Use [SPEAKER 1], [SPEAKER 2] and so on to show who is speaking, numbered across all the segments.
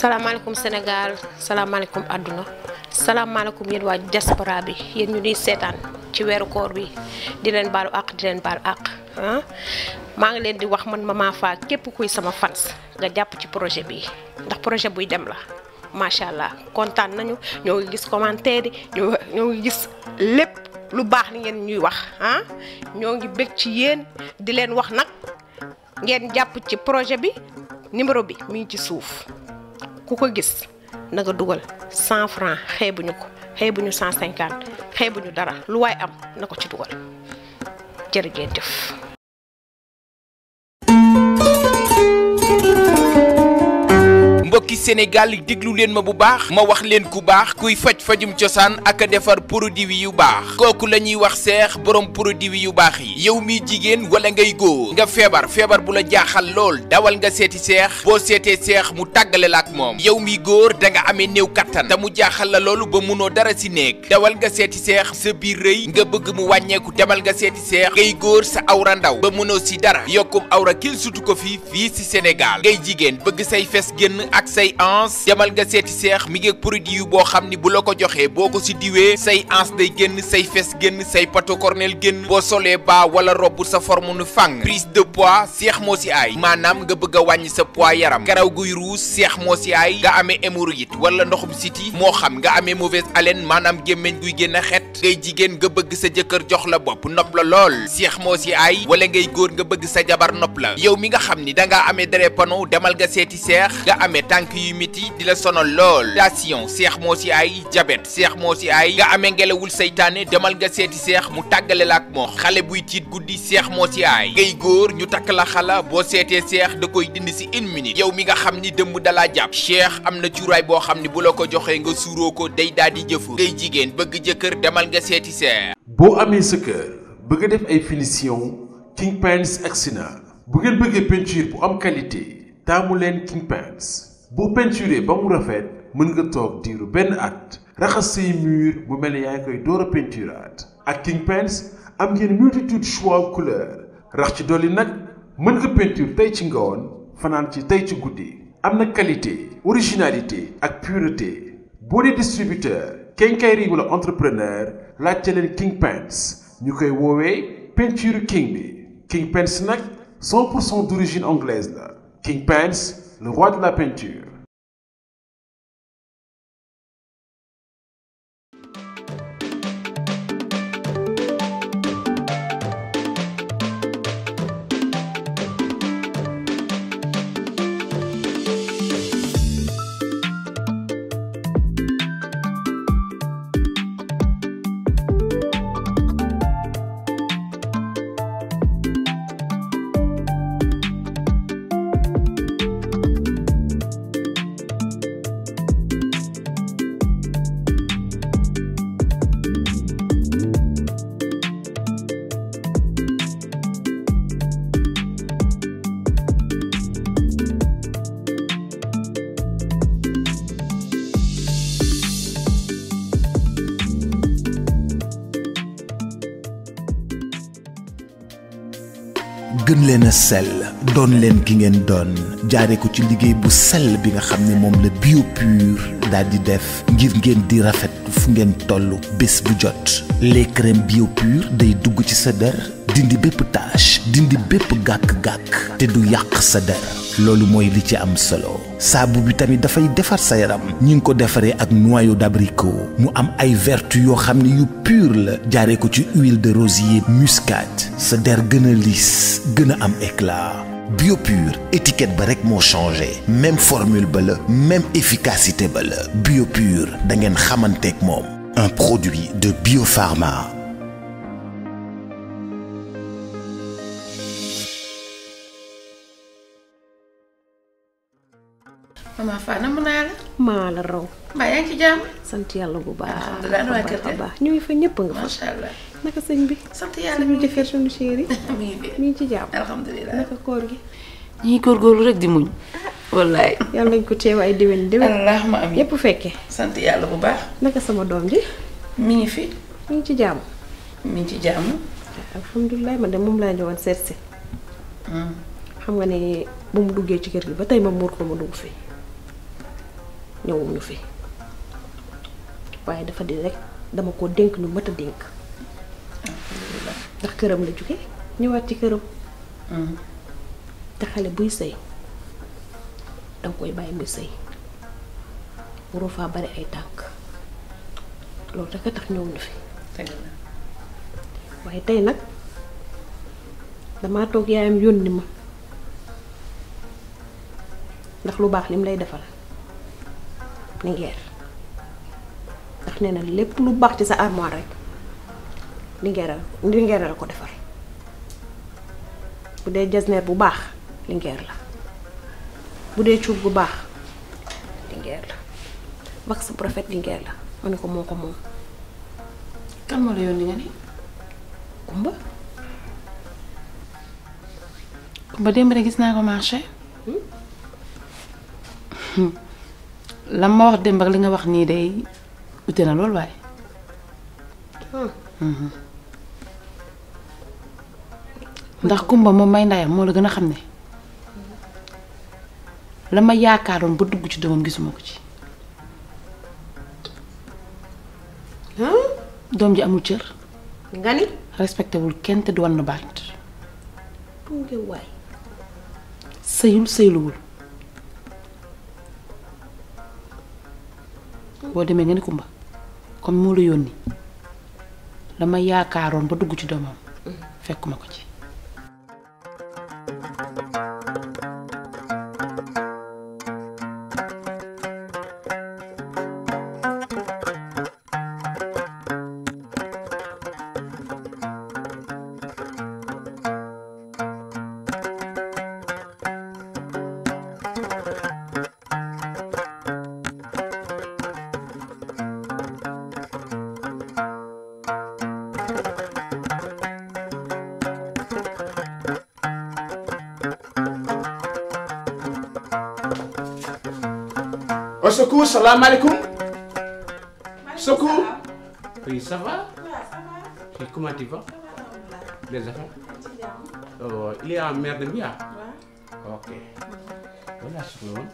[SPEAKER 1] salam Senegal, aduna salam alaikum yeen wa diaspora bi yeen ñu di setan ci wéru koor bi di len balu ak di len bal ak ah ma ngi len di wax man Mama Fa kep kuy sama fans nga japp ci projet bi ndax projet buy dem la machallah allah nañu ñoo ngi gis commentaire ñoo ngi gis lepp lu baax ni ngeen ñuy wax ah ñoo ngi bekk ci yeen di len wax nak ngeen japp ci projet bi numéro bi mi ci souf ku ko gis na nga dugal cent franc xeebuñu ko xeebu ñu cent cinquante xeebuñu dara lu waaye am na ko ci dugal jërëjëf.
[SPEAKER 2] mbokki Sénégal diglu leen ma bu baax ma wax leen ku baax kuy faj fajum cosaan ak defar produit yu baax kooku la ñuy wax seex borom produit yu baax yi yow mi jigéen wala ngay góor nga feebar feebar bu la jaaxal lool dawal nga seeti seex boo seetee seex mu tàggale la ak moom yow mi góor da nga amee néew kattan te mu jaaxal la loolu ba dara si dawal nga seeti seex sa biir rëy nga bëgg mu wàññeeku demal nga seeti seex ngay góor sa awra ndaw ba munoo si dara yokkum awra kil sutu ko fii fii si Sénégal ngay jigéen bëgg say fes génn ak say ans demal nga seeti seex mi ngi produit yu bo xamni bu lako ko boko ci ko say ans day génn say fess génn say pato cornel génn bo solé ba wala robb sa forme nu fang prise de poids seex moo si aay maanaam nga bëgg wañ sa poids yaram karaw guy ruus seex moo si nga amé hémorroïde wala ndoxum siti mo xam nga amé mauvaise haleine manam gemmeñ guy génn xet ngay jigen nga bëgg sa jëkkër jox la bop nop la lol seex moo si aay wala ngay goor nga bëgg sa jabar nop la yow mi nga xamni da nga amé dré panneau demal nga seeti seex nga amé tank tànk yu métti di la sonal lool tension seex moo si ay diabète seex moo si ay nga amee ngelawul seytaane demal nga seeti seex mu tàggale la ak moo xale buy tiit guddi seex moo si ay ngay góor ñu takk la xala boo seetee seex da koy dindi si une minute yow mi nga xam ni dëmb dalaa jàpp seex am na cuuraay boo xam ni bu la ko joxee nga suuroo ko day daal di jëfu ngay jigéen bëgg jëkkër demal nga seeti
[SPEAKER 3] boo amee sa bëgg def ay finition King Paints agsi ngeen bëggee peinture bu am qualité taamu leen King bu peinturé ba mu rafet mën nga toog diiru benn at raxas say mur bu mel ni yaa ngi koy door a peinturaat ak King Paints am ngeen multitude choix couleur rax ci dolli nag mën nga peinture tey ci ngoon fanaan ci tey ci guddi am na qualité originalité ak pureté boo dee distributeur kenkayri wala entrepreneur laajte leen King Paints ñu koy woowee peinture king bi King Paints nag 100 pour cent d'origine anglaise la King Paints le roi de la peinture.
[SPEAKER 4] gën leen a sell doon leen ki ngeen doon jaaree ko ci liggéey bu sell bi nga xam ne moom la bio pur daal di def ngir ngeen di rafet fu ngeen toll bés bu jot les crèmes bio pur day dugg ci sa der dindi bépp tâche dindi bépp gàkk-gàkk te du yàq sa dara loolu mooy li ci am solo saabu bi tamit dafay defar sa yaram ñi ngi ko defaree ak noyau d'abricot mu am ay vertu yo xam ne yu pur la jaaree ko ci huile de rosier muscat, sa der gën a lisse gën a am éclat Biopur étiquette ba rek moo changé même formule ba la même efficacité ba la Biopur da ngeen xamanteek moom un produit de Biopharma
[SPEAKER 1] maman Fane naa la. maa la raw. mbaa yaa ngi sant yàlla bu baax. alhamdulilah bu baax ñu ngi fa ñëpp nga fa. macha allah naka sëñ bi. sant yàlla ñu jëkkër suñu chéri. mi ngi ñu ngi ci jàmm. naka koor gi. ñu kóor góorgóorlu rek di muñ. wallaay. yàlla nañ ko teewaay déwén déwén. allahumma amiin yépp fekkee. sant yàlla bu baax. naka sama doom ji. mi ngi fi. mi ngi ci jàmm. mi ngi ci jàmm. alhamdulilah man de moom laa ñëwoon seet si. Hmm. xam nga ne bu mu duggee ci kër gi ba tey ma muur ko ma dugg fi ñëwuñu fi waaye dafa di rekk dama ko dénk ñu mat a dénk ndax këram la jóge ñëwaat ci këram mm-hmm. te xale buy sëy danga koy bàyyi muy sëy waroo faa bari ay tànk loolu rek a tax ñëwuñu fi waaye tey nag damaa toog yaayam yónni ma ndax lu baax lim lay defal lingeer ndax nee lepp lu bax ci sa armoire rek lingeer lingeer la ko defal bu dee jasneer bu baax lingeer la bu dee cuub bu baax lingeer la wax sa prophète lingeer la ma ko moko mom kan mo la yoni nga ni kumba
[SPEAKER 5] kumba dem rek gis na ko marché hmm? Hmm. la ma wax démb ak li nga wax nii day ute na loolu waaye. Hmm. Hmm. ndax kumba moom may ndayam moo la gën a xam ne la ma yaakaaroon ba dugg ci doomam gisuma ko ci. Hmm? doom ji amul cër. nga respecté wul kenn te du wan baat. sëyul sëyluwul. boo demee nga ni Kumba comme moo la yónni dama yaakaaroon ba dugg ci doomam mm. fekkuma ko ci
[SPEAKER 6] Soko salaamaaleykum. Soko. oui ça va. et comment tu vas. les affaires. oh il est en mer de Mia. ok. voilà soxna woon.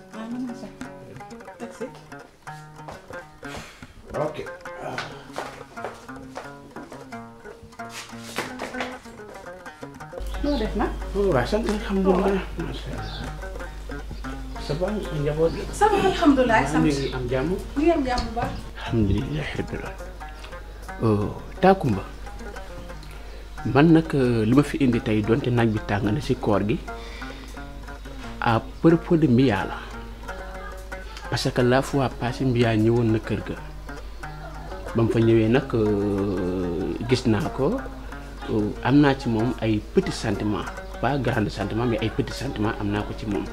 [SPEAKER 2] ok.
[SPEAKER 1] nu mu def nag.
[SPEAKER 6] waaw oh, sant alhamdulilah. Oh. ça va njaboot gi.
[SPEAKER 1] ça va alhamdulilah. maa am jàmm. ñu ngi jàmm bu baax.
[SPEAKER 6] alhamdulilah rabbil alamin. Euh, Taakumba man nag euh, li ma fi indi tey donte nag bi tàng na ci koor gi à propos de Mbiya la parce que la fois passée Mbiya ñëwoon na kër ga ba fa ñëwee nag euh, gis naa ko am naa ci moom ay petits sentiments pas grand sentiment mais ay petits sentiments am naa ko ci moom.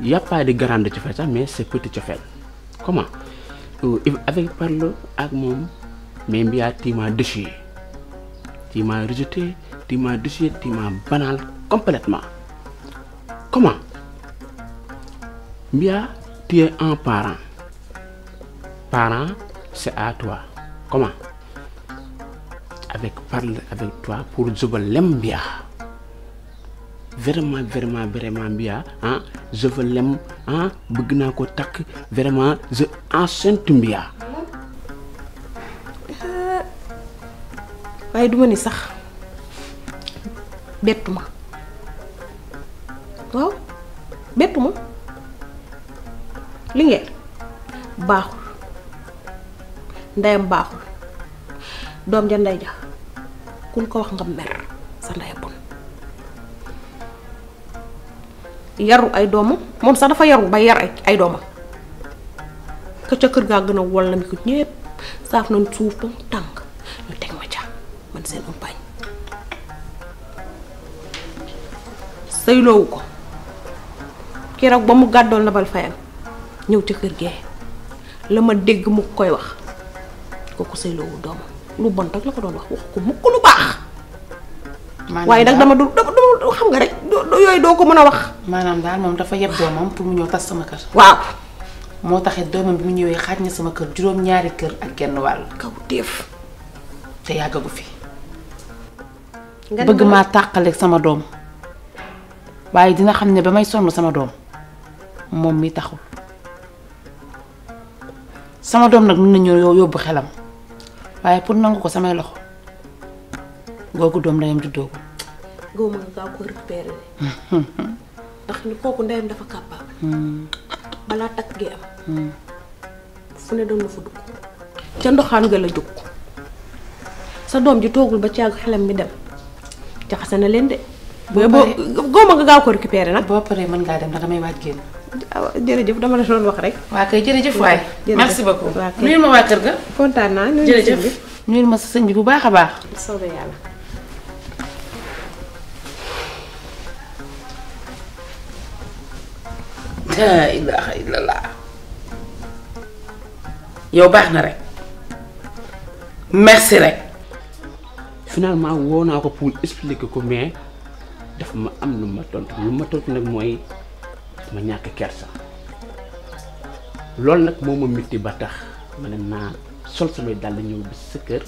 [SPEAKER 6] Il n'y a pas de grande ça mais c'est petit différence. Comment euh, Avec parle avec moi, mais tu m'as déchiré. Tu m'as rejeté, tu m'as déchiré, tu m'as banal complètement. Comment Bien, tu es un parent. Parent, c'est à toi. Comment Avec parle avec toi pour que je l'aime bien. Vraiment, vraiment, vraiment bien. Hein? je veux lem bëgg naa ko takk vraiment je enceinte Mbia.
[SPEAKER 1] Euh, waaye duma ni sax bettu ma waaw bettu ma li ngeen baaxul ndeyam baaxul doom ja ndey ja kun ko wax nga mer sa ndeyam. yaru ay doomam moom sax dafa yaru ba yar ay doomam ka ca kër gaa gën a wol na mi ko ñépp saaf nañ suuf ba mu tàng ñu teg ma ca sëyloowu ko keroog ba mu gàddoon la bal ñëw ca kër gee la ma dégg mu koy wax kooku sëyloowul doomam lu bon rek la ko doon wax wax ko mukk lu baax
[SPEAKER 7] waaye nak dama
[SPEAKER 5] du dama xam nga rek do yoy do ko meuna wax. manam dal mom dafa yeb doomam pour mu ñëw tas sama kër. waaw. moo taxit doomam bi mu ñewé xaaj na sama kër juroom ñaari kër ak genn wal kaw def te yàggagu fi. bëgg ma takalé sama dom? waye dina xamné bamay sonu sama dom, mom mi taxul sama dom nak mëna nañu yobbu xelam waye pour nangu ko samay loxo googu doom dayam juddoogul
[SPEAKER 1] gaw ma nga gaaw ko récupéré ndax kooku ndeyam dafa capable hmm. balaa takk gi am hmm. fu ne doon na fa dugg ca ndoxaan ga la jóg sa doom ji toogul ba caag xelam mi dem jaxase na leen de boo gaw ma nga gaaw ko récupéré nag boo paree mën ngaa dem ndax damay waaj génn jërëjëf dama la doon wax rek waa kay jërëjëf waay merci beaucoup nuyul ma waa kër ga kontaan naa jërëjëf
[SPEAKER 5] nuyul ma sa sëñ bi bu baax a baax
[SPEAKER 1] soobee yàlla
[SPEAKER 5] laa ilaaha illallah yow baax na rek
[SPEAKER 6] merci rek. finalement woo naa ko pour expliquer ko mais daf ma am lu ma tontu lu ma tontu nag mooy ma ñàkk kersa loolu nag moo ma mitti ba tax ma ne naa sol samay dàll ñëw bi sa kër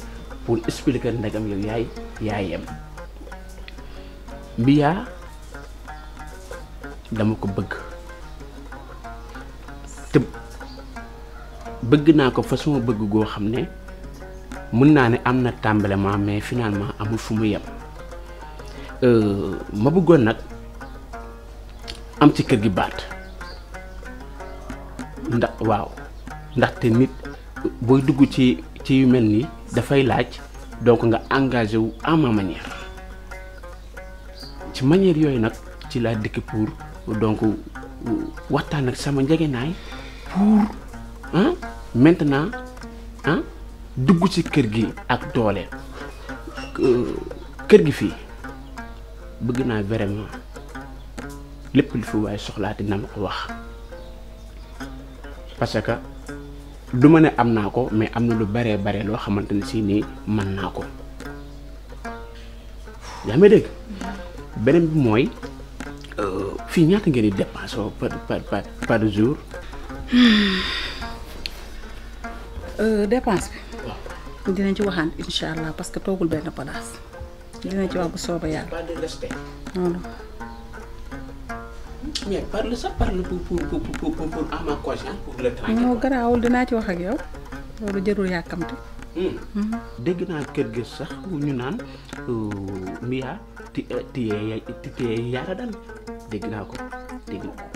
[SPEAKER 6] pour expliquer ndegam yow yaay yaayam Mbiya dama ko bëgg. te bëgg naa ko fa suma bëgg goo xam ne mun naa ne am na tàmbalement mais finalement amul fu mu yem euh, ma bëggoon nag am ci kër gi baat ndax waaw ndaxte nit booy dugg ci ci yu mel nii dafay laaj donc nga engage wu à ma ci manière yooyu nag ci laa dikk pour donc waxtaan ak sama njëgënaay. pour hein, maintenant hein dugg ci kër gi ak doole euh, kër gi fii bëgg vraiment lépp li fi di na parce que du ne mais am lu loo xamante ne si nii mën naa ko dégg beneen bi mooy euh, fii par jour.
[SPEAKER 1] dépense bi dinañ ci waxaan incha allah parce que toogul benn place dinañ ci wax bu sooba yàlla.
[SPEAKER 6] pas
[SPEAKER 1] mais parle ça parle pour pour pour
[SPEAKER 6] pour pour à ma conscience pour le tranquille. non
[SPEAKER 1] garaawul dinaa ci wax ak yow loolu jërul yàkkamte.
[SPEAKER 6] dégg naa kër gi sax ñu naan Mia ti ti ti yaara dégg naa ko dégg naa ko.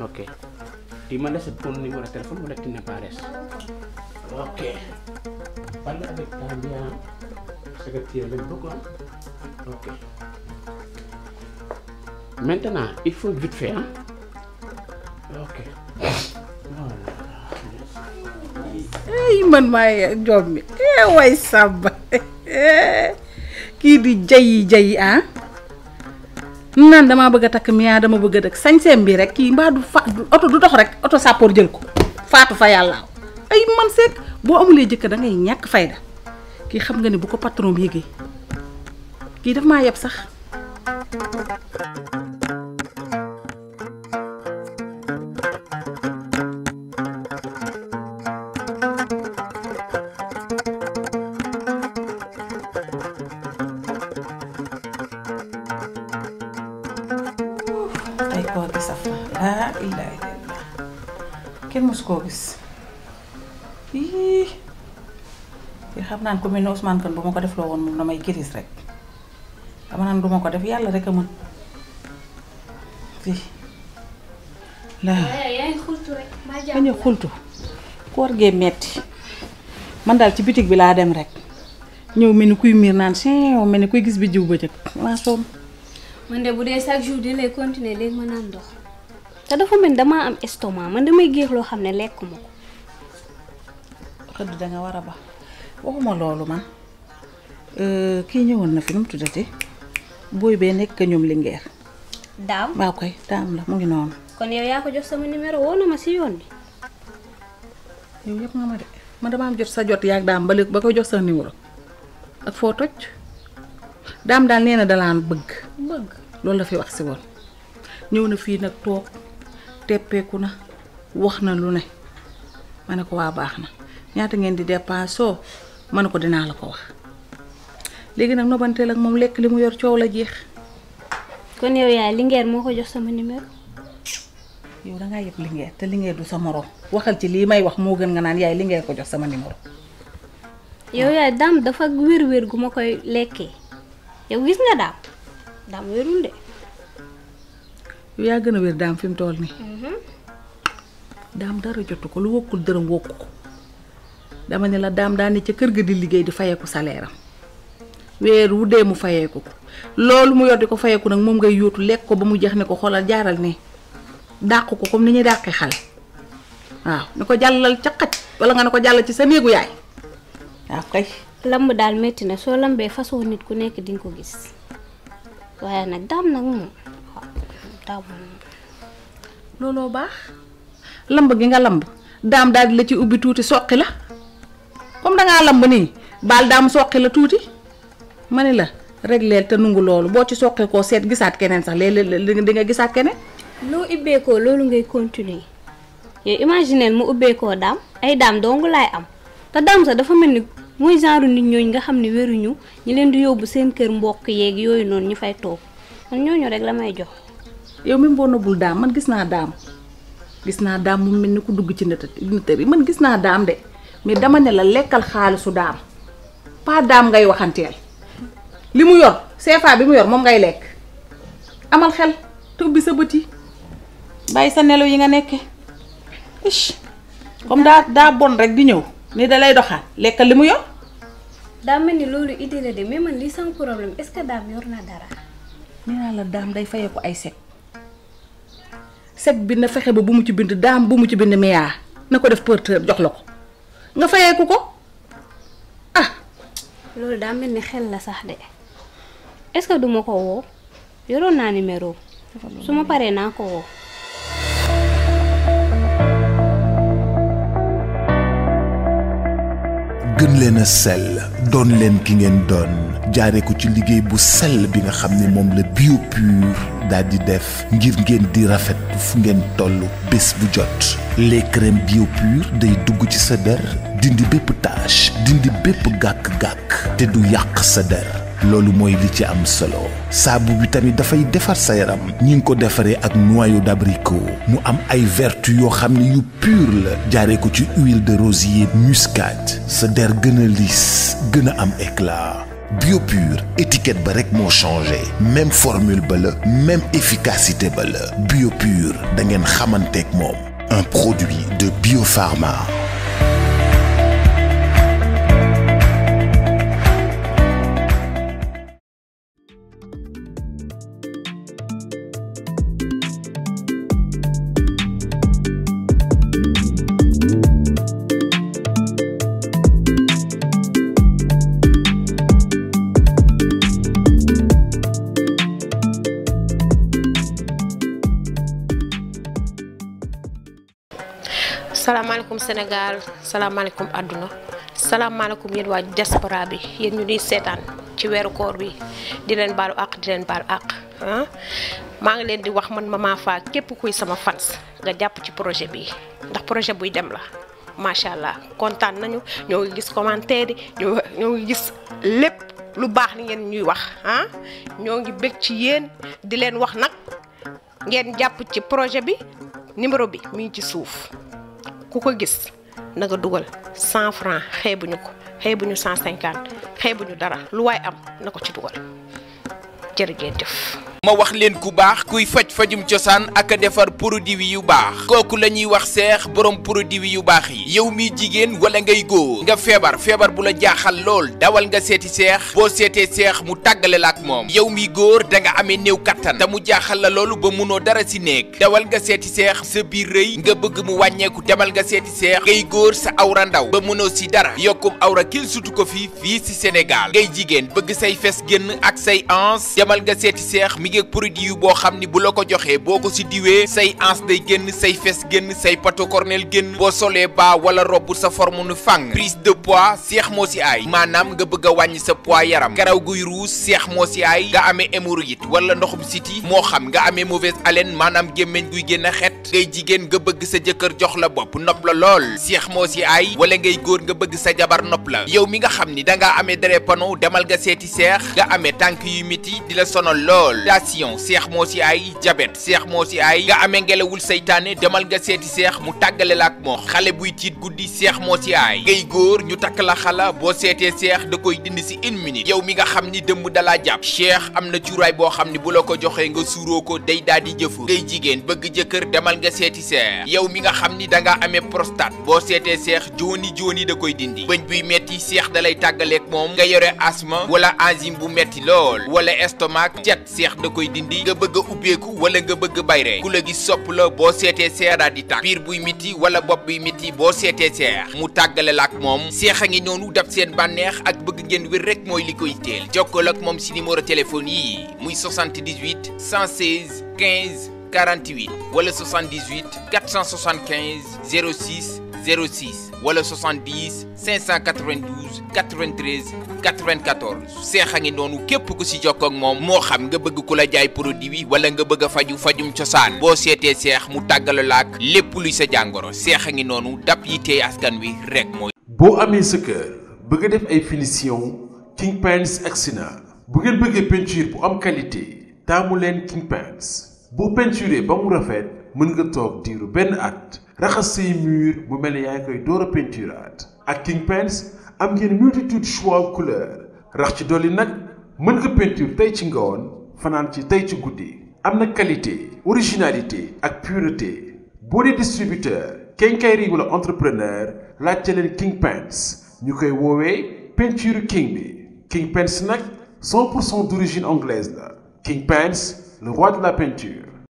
[SPEAKER 6] Oke. Di mana sepun ini telepon murah di Nepares. Oke. Pada ada tanya sekecil lembu kan? Oke. Mentena, il faut vite gitu, ya?
[SPEAKER 5] Oke, Ok.
[SPEAKER 1] Eh, hey man, my job. Hey, eh, why sab? Qui eh, jai jai, ah. naan damaa bëgg a takk miyaa dama bëgg a dëkk sañseem bi rek kii mbaa du fa oto du dox rek oto sàppoor jël ko faatu fa yàllaaw ay man seeg boo amulee jëkk dangay ñàkk fayda kii xam nga ne bu ko patron yëgee kii daf maa yeb sax koo gis yii te xam naan ku mel ne Ousmane Kane bu ma ko defloo woon moom damay giris rek dama naan du ko def yàlla rek a mën fii. la bañ a gee metti man daal ci bitig bi laa dem rek ñëw mel ni kuy miir naan chin mel ni kuy gis bi jiw ba jëkk maa sonn.
[SPEAKER 7] man de bu dee chaque jour di lay continuer léegi ma naan ndox. te dafa mel damaa am estomac man damay géex loo xam ne lekk ma ko. xëdd da war a ba
[SPEAKER 1] waxuma loolu man euh, kii ñëwoon na fi nu mu tuddati booy bee nekk ñoom Linguère. daam waaw koy daam la mu ngi noonu.
[SPEAKER 7] kon yow yaa ko jox sama numéro woo ma si yoon bi. yow yëpp nga ma de
[SPEAKER 1] man dama am jot sa jot yaag daam ba léegi ba ko jox sa numéro ak foo toj daam daal nee dalaan bëgg. bëgg loolu la fi wax si woon ñëw na fii nag toog. teppeeku na wax na lu ne ma ne ko waa baax na ñaata ngeen di dépassoo ma ne ko dinaa la ko wax
[SPEAKER 7] léegi nag nobanteel ak moom lekk li mu yor coow la jeex kon yow yaay lingeer moo ko jox sama numéro
[SPEAKER 1] yow da ngaa yëg lingeer te lingeer du sa morom waxal ci lii may wax moo gën nga naan yaay lingeer ko jox sama numéro
[SPEAKER 7] yow yaay daam dafa wér-wér gu ma koy lekkee yow gis nga daam daam wérul
[SPEAKER 1] yow yaa gën a wér daam fi tool toll nii. Mm-hmm. daam dara jotu ko lu wokkul dërëm wokku ko dama ne la daam daa ne ca kër gi di liggéey di fayeeku salaire am weer wu dee mu fayeeku ko loolu mu yor di ko fayeeku nag moom ngay yóotu lekk ko ba mu jeex ne ko xoolal jaaral ne dàq ko comme ni ñuy dàqee xale waaw ne
[SPEAKER 7] ko jàllal ca xaj wala nga ne ko jàllal ci sa néegu yaay waaw kay. lamb daal métti na soo lambee façon nit ku nekk di nga ko gis waaye nag daam nag moom. table looloo baax
[SPEAKER 1] lamb gi nga lamb daam daal la ci ubbi tuuti soqi la comme dangaa lamb nii baal daam soqi la tuuti ma ni la régleel te nungu loolu boo ci soqi koo seet gisaat keneen sax léeg-léeg di nga gisaat keneen
[SPEAKER 7] loo ibbeekoo loolu ngay continuer yow imagine mu ubbeekoo daam ay daam dong laay am te daam sax dafa mel ni mooy genre nit ñooñu nga xam ni wéruñu ñi leen di yóbbu seen kër mbokk yeeg yooyu noonu ñu fay toog man ñooñu rek la may jox
[SPEAKER 1] yow mi mbono bul dam man gis na dam gis na dam mu melni ku dugg ci nët bi man gis na dam de mais dama ne la lekkal khalisu dam pa dam ngay waxantel limu yor CFA bi mu yor mom ngay lek amal xel te ubbi sa beuti bay sa nelo yi nga nekke ish comme da da bon rek di ñew ni da lay doxaan lekkal limu yor
[SPEAKER 7] daa melni ni idée la de mais man li sans problème est-ce que dam yor na dara
[SPEAKER 1] ni na la dam day fayeku ay sec sec bi na fexe ba bu mu ci bind daam bu mu ci bind miyaa na ko def porteur jox la ko nga fayeeku ko
[SPEAKER 7] ah. loolu daa mel ni xel la sax de est duma ko woo yoroon naa numéro su ma paree naa ko woo.
[SPEAKER 4] gën leen a sell doon leen ki ngeen doon jaaree ko ci liggéey bu sell bi nga xam ne moom la bio pur di def ngir ngeen di rafet fu ngeen tollu bés bu jot les crèmes bio pur day dugg ci sa der dindi bépp tache dindi bépp gàkk-gàkk te du yàq sa der lolou moy li ci am solo sabu bi tamit fay defar sa yaram ñi ko ak noyau d'abricot mu am ay vertu yo xamni yu pur la jaré ko ci huile de rosier muscade ce der gën a lisse am éclat biopur étiquette ba rek mo changé même formule ba même efficacité ba la pur, da ngeen ak mom un produit de biopharma
[SPEAKER 1] salaamaaleykum Senegal, salaamaaleykum àdduna salaamaaleykum yeen wa diaspora bi yeen ñu di setan ci wéru koor bi di len balu ak di len bal ak ah ngi len di wax man Mama Fa képp kuy sama fans nga japp ci projet bi ndax projet buy dem la machallah allah nañu ñoo gis commentaire ñoo gis lepp lu baax ni ngeen ñuy wax ah ñoo ngi bég ci yeen di len wax nak ngeen japp ci projet bi numéro bi mi ci souf ku ko gis na nga dugal cent franc xeebuñu ko bu ñu cent cinquante xeebuñu dara lu waay am na ko ci dugal
[SPEAKER 2] jërëjëf. ma wax leen ku baax kuy faj fajum cosaan ak a defar produit yu baax kooku la ñuy wax seex borom produit yu baax yi yow miy jigéen wala ngay góor nga feebar feebar bu la jaaxal lool dawal nga seeti seex boo seetee seex mu tàggale la ak moom yow miy góor da nga amee néew kattan te mu jaaxal la loolu ba mënoo dara si nekk dawal nga seeti seex sa biir rëy nga bëgg mu wàññeeku demal nga seeti seex ngay góor sa awra ndaw ba mënoo si dara yokkum awra kil sutu ko fii fii si Sénégal ngay jigéen bëgg say fes génn ak say ans demal nga seeti seex mi liggéey ak produit yu boo xam ni bu la ko joxee boo ko si diwee say ans day génn say fes génn say pato cornel génn boo solee baa wala robb sa forme nu fang prise de pois seex moo si aay maanaam nga bëgg a wàññi sa pois yaram karaw guy ruus seex moo si aay nga amee hémorroïde wala ndoxum siti moo xam nga amee mauvaise haleine maanaam gémmeñ guy génn xet set ngay jigéen nga bëgg sa jëkkër jox la bopp nopp la lool seex moo si ay wala ngay góor nga bëgg sa jabar nopp la yow mi nga xam ni dangaa amee dere pano demal nga seeti seex nga amee tànk yu miti di la sonal lool tension seex moo si ay jabet seex moo si ay nga amee ngelawul seytaane demal nga seeti seex mu tàggale la ak moo xale buy tiit guddi seex moo ci aay ngay góor ñu takk la xala boo seetee seex da koy dind si une minute yow mi nga xam ni dëmb dalaa jàpp seex am na cuuraay boo xam ni bu la ko joxee nga suuroo ko day daal di jëfu ngay jigéen bëgg jëkkër demal demal nga seeti seex yow mi nga xam ni da nga amee prostate boo seetee seex jooni jooni da koy dindi bëñ buy metti seex da lay tàggaleeg moom nga yore asthme wala enzyme bu metti lool wala estomac cet seex da koy dindi nga bëgg a ubbeeku wala nga bëgg a bayre ku la gis sopp la boo seetee seex di tàgg biir buy miti wala bopp buy miti boo seetee seex mu tàggale la ak moom seex a ngi noonu dab seen bànneex ak bëgg ngeen wér rek mooy li koy teel jokkoo ak moom si numéro téléphone yi muy 78 116 15 48 wala 78 475 06 06 wala 70 592 93 94 seex a ngi noonu képp ku si jokkoo ak mom mo xam nga bëgg kula la jaay produit bi wala nga bëgg faju fajum cosaan boo seetee seex mu tàggala laak lepp luy sa jangoro seex a ngi noonu dab yi tey askan wi rek moy
[SPEAKER 3] bo amé sa cœur, bëgg def ay finition King Paints agsi bu ngeen bëggee peinture bu am qualité taamu leen King Paints boo peinturé ba mu rafet mën nga toog diiru benn at raxas mur mel ne yaa ngi koy a ak King Paints am multitude choix couleur rax ci dolli nag mën nga peinture tey ci ngoon fanaan ci tey ci am qualité originalité ak pureté boo distributeur kenkayri wala entrepreneur laajte leen King Paints ñu koy woowee peinture king bi King Paints 100 d'origine anglaise King Paints le roi de la peinture.